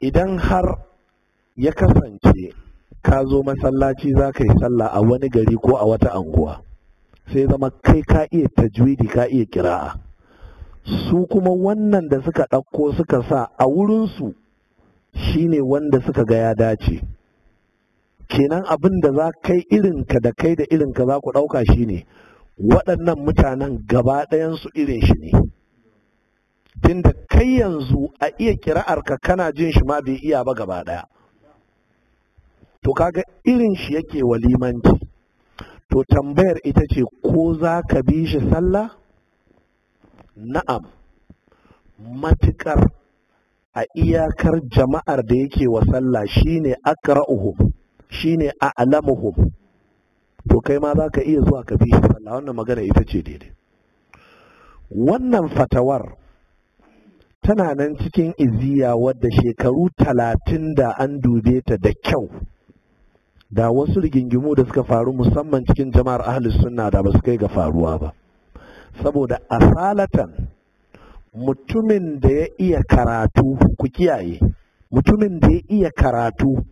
idan har ya kasance ka zo masallaci za ka yi sallah a wani gari ko a wata anguwa sai zama kai ka iya tajwidi ka iya kira'a su kuma wannan da suka ɗauko suka sa a wurinsu shine wanda suka ga ya dace kenan abin da za kai irinka da kai da irinka za ku ɗauka shine waɗannan mutanen gaba ɗayansu irin shi ne tunda kai yanzu a iya kira'arka kana jin shi ma bai iya ba gaba ɗaya to kaga irin shi yake walimanci to tambayar ita ce ko za ka bi shi sallah na'am matukar a iyakar jama'ar da yake wa sallah shine akra'uhum shine a'lamuhum to kai ma za ka iya zuwa ka bi shi sallah wannan magana ita ce daidai wannan fatawar tana nan cikin iziya wadda shekaru talatin da an dube ta da kyau da wasu rigingimu da suka faru musamman cikin jama'ar ahli sunna da basu kai ga faruwa ba saboda asalatan mutumin da ya iya karatu ku kiyaye mutumin da ya iya karatu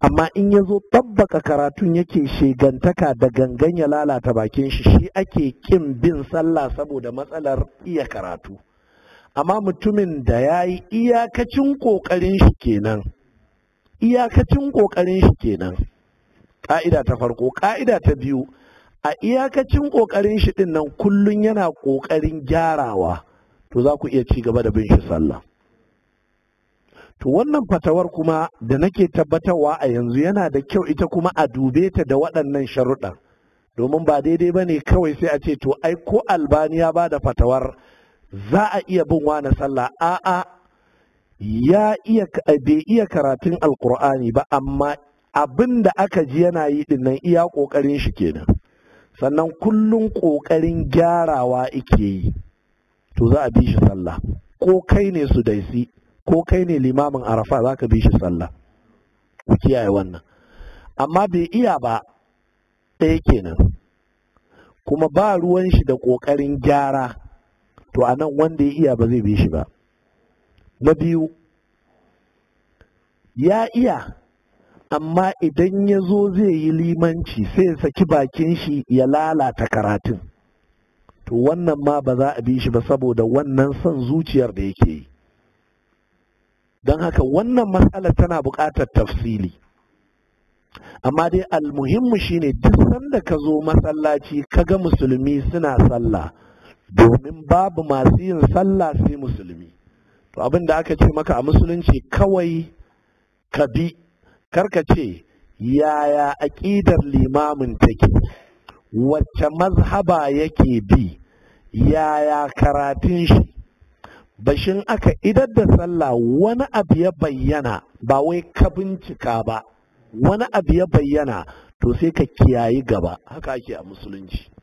amma in ya zo tabbaka karatun yake shegantaka da gangan ya lalata bakin shi shi ake kin bin sallah saboda matsalar iya karatu amma mutumin da ya yi iyakacin ƙoƙarin shi kenan iyakacin ƙoƙarin shi kenan ƙa'ida ta farko ƙa'ida ta biyu a iyakacin ƙoƙarin shi ɗin nan kullum yana ƙoƙarin gyarawa to za ku iya ci gaba da bin shi sallah to wannan fatawar kuma da nake tabbatarwa a yanzu yana da kyau ita kuma a dube ta da waɗannan sharuɗan domin ba daidai ba ne kawai sai a ce to ai ko albani ya ba da fatawar za a iya bin wani sallah a'a ya iya eh, bai iya karatun alkur'ani ba amma abin da aka ji yana yi dinnan iya ƙoƙarin shi kenan sannan kullum ƙoƙarin gyarawa ike yi to za a bi shi sallah ko kai ne su daisi ko kai ne limamin arafa za ka bi shi sallah ku kiyaye wannan amma bai iya ba ɗaya kenan kuma ba ruwan shi da ƙoƙarin gyara to a nan wanda ya iya ba zai bi shi ba na biyu ya iya amma idan ya zo zai yi limanci sai ya saki bakin shi ya lalata karatun to wannan ma ba za a bi shi ba saboda wannan son zuciyar da yake yi don haka wannan matsalar tana buƙatar tafsili amma dai almuhimmu shine duk sanda ka zo masallaci ka ga musulmi suna sallah domin babu masu yin sallah sai musulmi to abin da aka ce maka a musulunci kawai ka bi karka ce yaya aƙidar limamin take wacce mazhaba yake bi yaya karatun shi bashin aka idar da sallah wani abu ya bayyana ba wai ka bincika ba wani abu ya bayyana to sai ka kiyayi gaba haka ake a musulunci